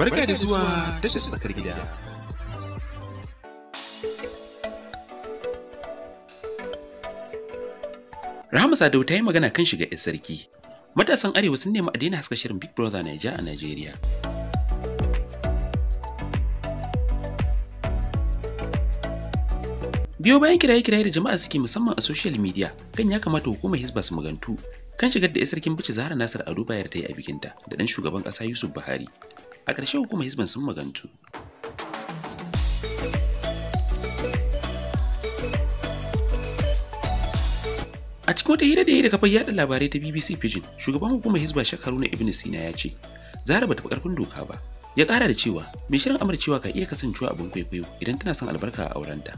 Barka da zuwa tashar tsakar gida. Rahama Sadau ta yi magana kan shiga 'yan sarki. Matasan Arewa sun nemi a daina haska shirin Big Brother Naija a Najeriya. Biyo bayan kiraye-kiraye da jama'a suke musamman a social media kan ya kamata hukumar Hisba su magantu kan shigar da 'yan sarkin bici Zahra Nasir Ado bayar ta yi a bikinta da ɗan shugaban ƙasa Yusuf Buhari a ƙarshe hukumar hizban sun magantu a cikin wata hira da ya da kafar yada labarai ta bbc pidgin shugaban hukumar hizba shek haruna ibn sina ya ce zara ba ta karfin doka ba ya ƙara da cewa mai shirin amurcewa ka iya kasancewa abin kwaikwayo idan tana son albarka a aurenta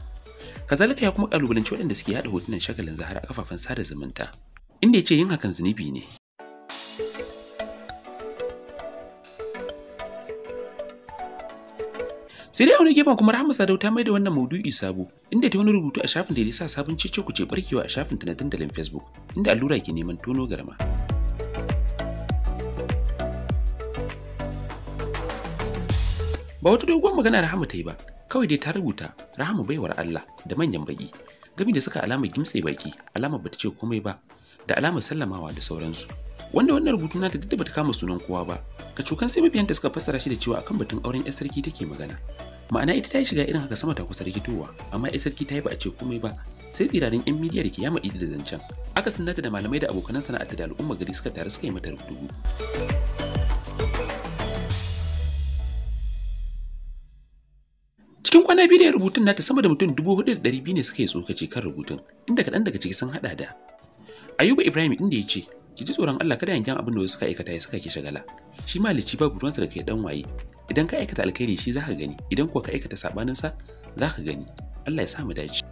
kazalika ya kuma kalubalanci waɗanda suke yada hotunan shagalin zahara a kafafen sada zumunta inda ya ce yin hakan zunubi ne sai dai a wani gefen kuma rahama sadau ta mai da wannan maudu'i sabo inda ta wani rubutu a shafin da ya sa sabon cece ku ce barkewa a shafin ta na dandalin facebook inda allura ke neman tono garma ba wata doguwar magana rahama ta yi ba kawai dai ta rubuta rahama baiwar allah da manyan baki gami da suka alamar gimtse baki alama bata ce komai ba da alama sallamawa da sauransu wanda wannan rubutu nata duk da bata kama sunan kowa ba kacokan sai mafiyanta suka fassara shi da cewa akan batun auren 'yar sarki take magana ma'ana ita ta yi shiga irin haka sama ta kusa rikitowa amma ita sarki ta yi ba a ce komai ba sai tsirarin yan midiya ke yama idi da zancen aka nata da malamai da abokanan sana'arta da al'umma gari suka taru suka yi mata rubutu cikin kwana biyu da ya rubutun nata sama da mutum dubu hudu da ɗari biyu ne suka yi tsokaci kan rubutun inda kaɗan daga ciki sun haɗa da ayuba ibrahim inda ya ce ki ji tsoron allah kada yankin abin da wasu suka aikata ya saka ki shagala shi ma lici babu ruwansa da kai dan waye idan ka aikata alkhairi shi ka gani idan kuwa ka aikata sabanin sa zaka gani Allah ya sa mu dace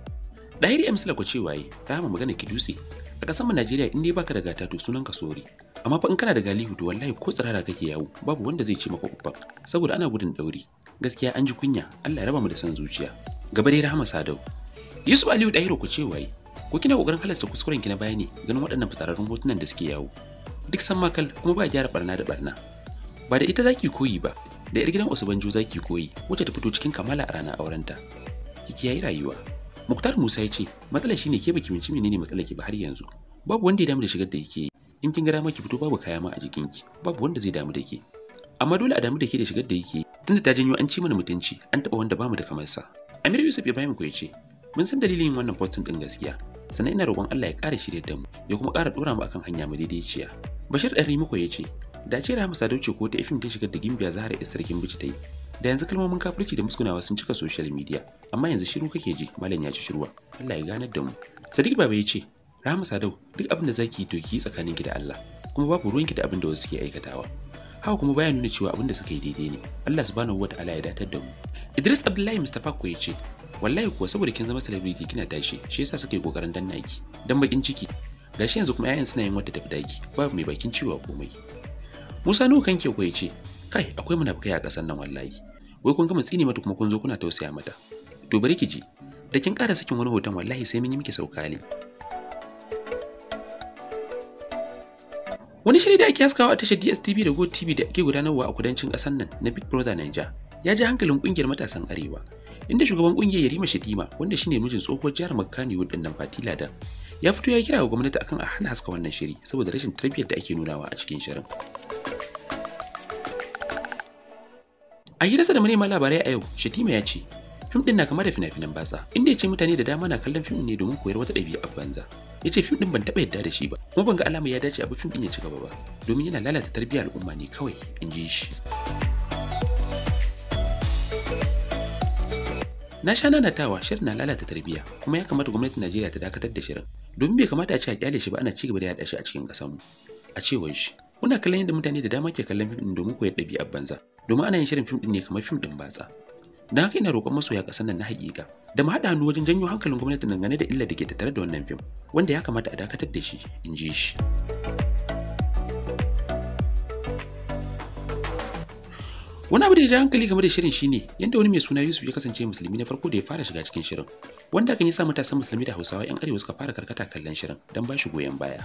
Dahiri ya Sula ku ce waye ta ma magana ki dutse a kasar mu Najeriya in dai baka da gata to sunan ka sori amma fa in kana da galihu to wallahi ko tsirara kake yawo babu wanda zai ce maka uffa saboda ana gudun dauri gaskiya an ji kunya Allah ya raba mu da san zuciya gaba dai Rahama Sadau Yusuf Aliyu Dahiri ku ce waye ko kina kokarin halarta kuskuren ki na bayani ganin waɗannan fitararrun hotunan da suke yawo duk san makal kuma ba gyara barna da barna ba da ita zaki koyi ba da yar gidan za zaki koyi wacce ta fito cikin kamala a ranar aurenta. Ki kiyaye rayuwa. Muktar Musa ya ce matsalar shine ke baki minci menene matsalar ki ba har yanzu. Babu wanda ya damu da shigar da yake yi. In kin ga dama ki fito babu kaya ma a ki. Babu wanda zai damu da ke. Amma dole a damu da ke da shigar da yake tunda ta janyo an ci mana mutunci an taɓa wanda bamu da kamar sa. Amir Yusuf Ibrahim ko ya ce mun san dalilin wannan postin din gaskiya sannan ina roƙon Allah ya ƙara shirye da mu ya kuma ƙara ɗora mu akan hanya madaidaiciya. Bashir Ɗan Rimiko ya ce ce da hamsa dauce ko ta ifin ta shigar da gimbiya zahara ya sarkin bici ta yi da yanzu kalmomin kafirci da musgunawa sun cika social media amma yanzu shiru kake ji malam ya ci shirwa Allah ya ganar da mu Sadiki baba ya ce rahama sadau duk abin da zaki to ki tsakanin ki da Allah kuma babu ruwan ki da abin da wasu suke aikatawa haka kuma baya nuna cewa abin da suka yi daidai ne Allah subhanahu wataala ya datar da mu Idris Abdullahi Mustafa ko ya ce wallahi kuwa saboda kin zama celebrity kina tashi shi yasa suka yi kokarin danna ki dan bakin ciki gashi yanzu kuma 'ya'yan suna yin wata tafi daki babu mai bakin ciwa komai Musa nawa kanke ku yace kai akwai munafikai a kasar nan wallahi wai kun mun tsini mata kuma kun zo kuna tausaya mata to bari ki ji da kin ƙara sakin wani hoton wallahi sai mun yi miki saukali wani shiri da ake haskawa a tashar DSTV da GoTV da ake gudanarwa a kudancin kasar nan na Big Brother Niger ya ji hankalin kungiyar matasan arewa inda shugaban kungiyar Yarima Shadima wanda shine mijin tsohuwar jihar Makkani din nan Fatila da ya fito ya kira ga gwamnati akan a hana haska wannan shiri saboda rashin tarbiyyar da ake nunawa a cikin shirin a sa da manema labarai a yau shatima ya ce fim ɗin na kamar da fina-finan batsa inda ya ce mutane da dama na kallon fim ne domin koyar wata ɗabi'a a banza ya ce fim ɗin ban taɓa yadda da shi ba kuma ban ga alama ya dace abu fim din ya ci gaba ba domin yana lalata tarbiyyar al'umma ne kawai in ji shi na sha nanatawa shirin na lalata tarbiyya kuma ya kamata gwamnatin najeriya ta dakatar da shirin domin bai kamata a ce a kyale shi ba ana ci gaba da yaɗa shi a cikin ƙasarmu a cewar shi kuna kallon yadda mutane da dama ke kallon fim ɗin domin koyar ɗabi'ar banza domin ana yin shirin fim ɗin ne kamar fim ɗin batsa don haka ina roƙon masoya ƙasar nan na haƙiƙa da mu haɗa hannu wajen janyo hankalin gwamnati dangane da illar da ke tattare da wannan fim wanda ya kamata a dakatar da shi in ji shi Wani abu da ya ja hankali game da shirin shine yadda wani mai suna Yusuf ya kasance musulmi na farko da ya fara shiga cikin shirin, wanda kan ya sa matasan musulmi da Hausawa 'yan arewa suka fara karkata kallon shirin don ba shi goyon baya.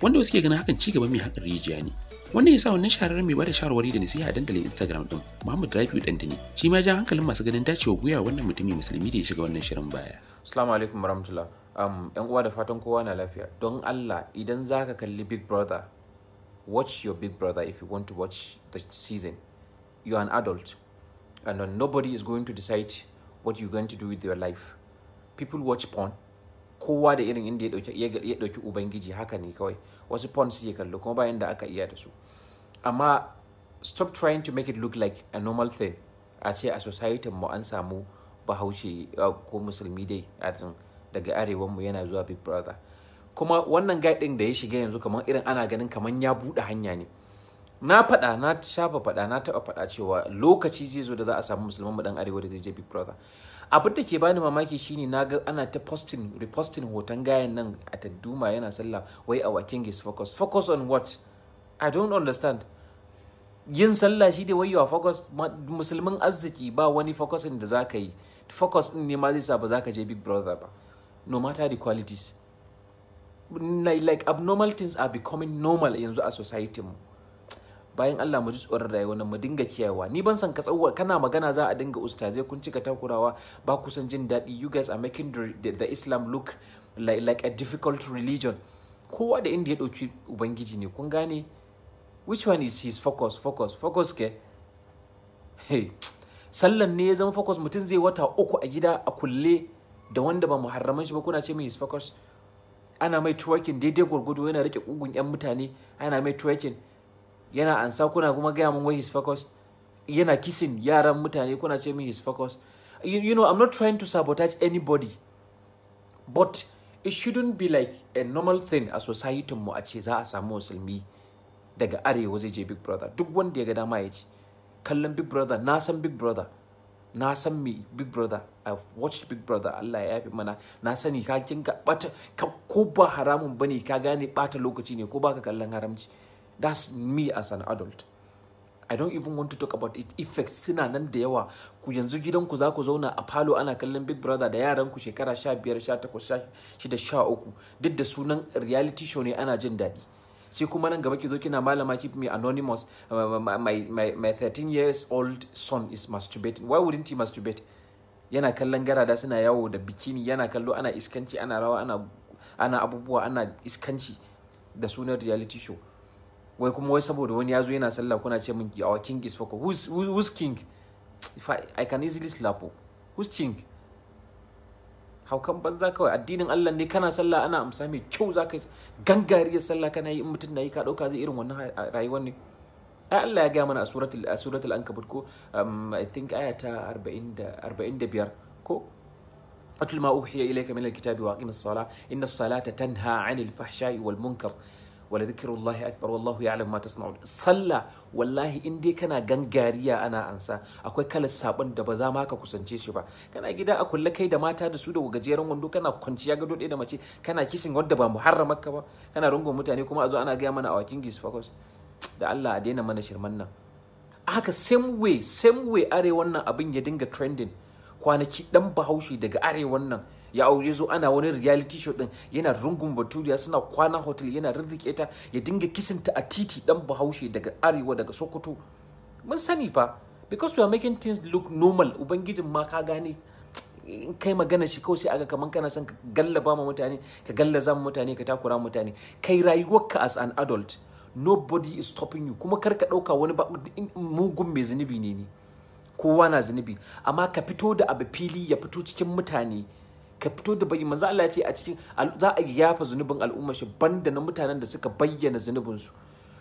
Wanda wasu ke ganin hakan ci gaba mai hakan rijiya ne. Wannan ya sa wannan shahararren mai bada shawarwari da nasiha a dandalin Instagram din Muhammad Rabiu Dandini shi ma ja hankalin masu ganin dacewa guya wannan mutumin musulmi da ya shiga wannan shirin baya. Assalamu alaikum warahmatullah. Um, yan uwa da fatan kowa na lafiya. Don Allah idan za ka kalli Big Brother watch your Big Brother if you want to watch the season. you're an adult and nobody is going to decide what you're going to do with your life people watch porn kowa da irin inda ya dauki ubangiji haka ne kawai wasu porn suke kallo kuma bayan da aka iya da su amma stop trying to make it look like a normal thing a ce a society mu an samu bahaushe uh, ko musulmi dai daga arewanmu yana zuwa big brother kuma wannan guide din da ya shiga yanzu kamar irin ana ganin kamar ya buɗe hanya ne na faɗa na shafa faɗa na taba faɗa cewa lokaci zai zo da za a samu musulman mu dan arewa da zai je big brother abin da ke bani mamaki shine na ga ana ta posting reposting hoton gayan nan a tadduma yana sallah wai a wakin is focus focus on what i don't understand yin sallah shi da wayewa focus musulmin arziki ba wani focusing da zaka yi focus din ne ma zai sa ba zaka je big brother ba no matter the qualities like, like abnormal things are becoming normal yanzu a society mu bayan Allah mu ji tsoron rayuwar nan mu dinga kiyayewa ni ban san ka tsawo kana magana za a dinga zai kun cika takurawa ba ku san jin daɗi you guys are making the, the, Islam look like, like a difficult religion kowa da inda ya ɗauki ubangiji ne kun gane which one is his focus focus focus ke hey sallan ne ya zama focus mutum zai wata uku a gida a kulle da wanda ba muharraman shi ba kuna ce mai his focus ana mai twerking daidai gwargwado yana rike kugun yan mutane ana mai twerking yana ansa kuna kuma gaya mun wai his focus yana kissing yaran mutane kuna ce min his focus you, know i'm not trying to sabotage anybody but it shouldn't be like a normal thing a society mu a ce za a samu musulmi daga arewa zai je big brother duk wanda ya ga dama ya ci kallon big brother na san big brother na san me big brother i watched big brother Allah ya yafi mana na sani ka kin bata ko ba haramun bane ka gane bata lokaci ne ko baka kallon haramci That's me as an adult. I don't even want to talk about it effects suna nan da yawa ku yanzu gidanku za ku zauna a falo ana kallon Big Brother da yaran ku shekara 15, sha uku. duk da sunan reality show ne ana jin daɗi. sai kuma nan gaba ki zo kina malama keep me anonymous uh, my, my, my, 13 years old son is masturbating why wouldn't he masturbate yana kallon garada suna yawo da bikini yana kallo ana iskanci ana rawa ana abubuwa ana iskanci da sunan reality show wai kuma wai saboda wani ya zo yana sallah kuna ce min our king is fako who's, who's king if I, I can easily slap you who's king haukan banza kawai addinin Allah ne kana sallah ana amsa mai kyau za ka gangariyar sallah kana yi in mutum na yi ka ɗauka zai irin wannan rayuwar ne ai Allah ya gaya mana a suratul a suratul ankabut ko um, I think aya ta 45 ko atul ma uhiya ilayka min alkitabi wa aqimis sala inna as-salata tanha 'anil fahsha'i wal munkar wala zikirullahi akbar wallahu ya'lam ma tasna'un sallah wallahi in dai kana gangariya ana ansa akwai kala sabon da ba za ma ka kusance shi ba kana gida a kulle kai da mata da su da gajeren wando kana kwanciya gado ɗaya da mace kana kisin wanda ba muharramar ka ba kana rungon mutane kuma a zo ana gaya mana a wakin gis da Allah a daina mana shirman nan haka same way same way arewan nan abin ya dinga trending kwanaki dan bahaushe daga arewan nan ya aure zo ana wani reality show din yana rungun baturiya suna kwana hotel yana rirrike ta ya dinga ta a titi dan bahaushe daga arewa daga sokoto mun sani fa because we are making things look normal ubangijin ma ka gane in kai magana shi kawai sai aga kaman kana son ka gallaba ma mutane ka gallaza ma mutane ka takura mutane kai rayuwarka as an adult nobody is stopping you kuma kar ka ɗauka wani mugun mai zunubi ne ne kowa na zunubi amma ka fito da abu fili ya fito cikin mutane ka fito da bayyana manzo Allah ya ce a cikin za a yafa zunubin al'ummar shi banda na mutanen da suka bayyana zunubin su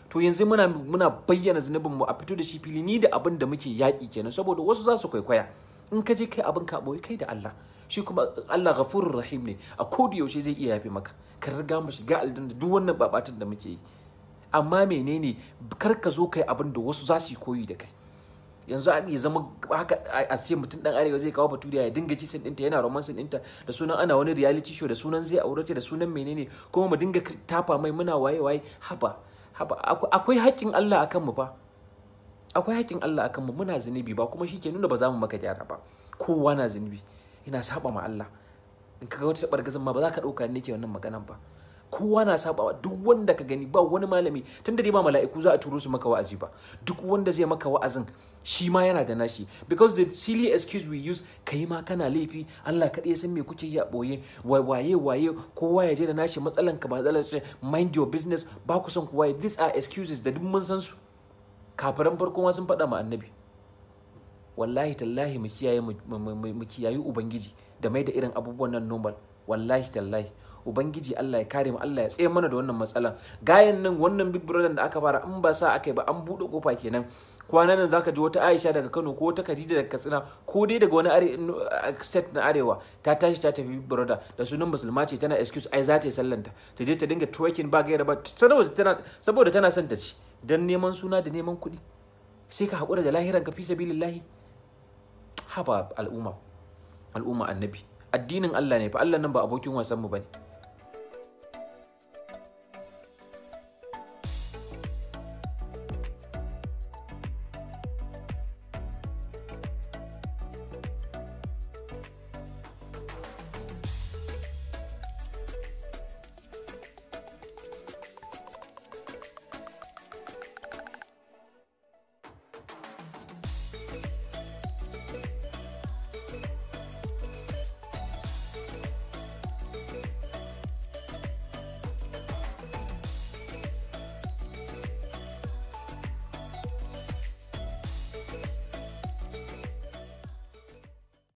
to yanzu muna muna bayyana zunubin mu a fito da shi fili ni da abin da muke yaƙi kenan saboda wasu za su kwaikwaya in ka je kai abin ka boye kai da Allah shi kuma Allah ghafurur rahim ne a kodi yaushe zai iya yafe maka ka riga mu shiga da duk wannan babatun da muke yi amma menene kar ka zo kai abin da wasu za su yi koyi da kai yanzu a zama haka a ce mutum dan arewa zai kawo baturiya ya dinga kisan dinta yana romansin dinta da sunan ana wani reality show da sunan zai aurace da sunan menene kuma mu dinga tafa mai muna waye waye haba haba akwai haƙƙin Allah akan mu fa akwai haƙƙin Allah akan mu muna zunubi ba kuma shike nuna ba za mu maka gyara ba kowa na zunubi yana saba ma Allah in kaga wata bargazin ma ba za ka dauka ne ke wannan maganan ba kowa na sabawa duk wanda ka gani ba wani malami tun da dai ba mala'iku za a turo su maka wa'azi ba duk wanda zai maka wa'azin shi ma yana da nashi because the silly excuse we use kai ma kana laifi Allah kaɗai ya san me kuke yi a boye waye waye kowa ya je da nashi matsalan ka ba matsalan mind your business ba ku son kowa these are excuses da duk mun san su kafiran farko ma sun faɗa ma annabi wallahi tallahi mu kiyaye mu kiyayi ubangiji da mai da irin abubuwan nan normal wallahi tallahi ubangiji Allah ya kare mu Allah ya tsaye mana da wannan matsalan gayan nan wannan big brother da aka fara in ba sa aka yi ba an buɗe kofa kenan kwanan nan zaka ji wata Aisha daga Kano ko wata Khadija daga Katsina ko dai daga wani state na arewa ta tashi ta tafi big brother da sunan musulma ce tana excuse ai za ta yi sallanta ta je ta dinga twerking ba gaira ba saboda tana son ta ci dan neman suna da neman kuɗi sai ka haƙura da lahiran ka fi sabilillahi haba al'umma al'umma annabi addinin Allah ne fa Allah nan ba abokin wasan mu bane